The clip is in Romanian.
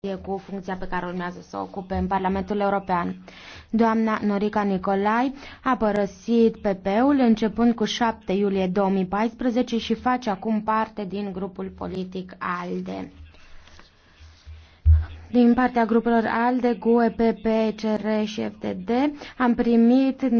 e cu funcția pe care urmează să o ocupe în Parlamentul European. Doamna Norica Nicolai a părăsit PP-ul începând cu 7 iulie 2014 și face acum parte din grupul politic ALDE. Din partea grupelor ALDE, GUE, PP, CR și FTD am primit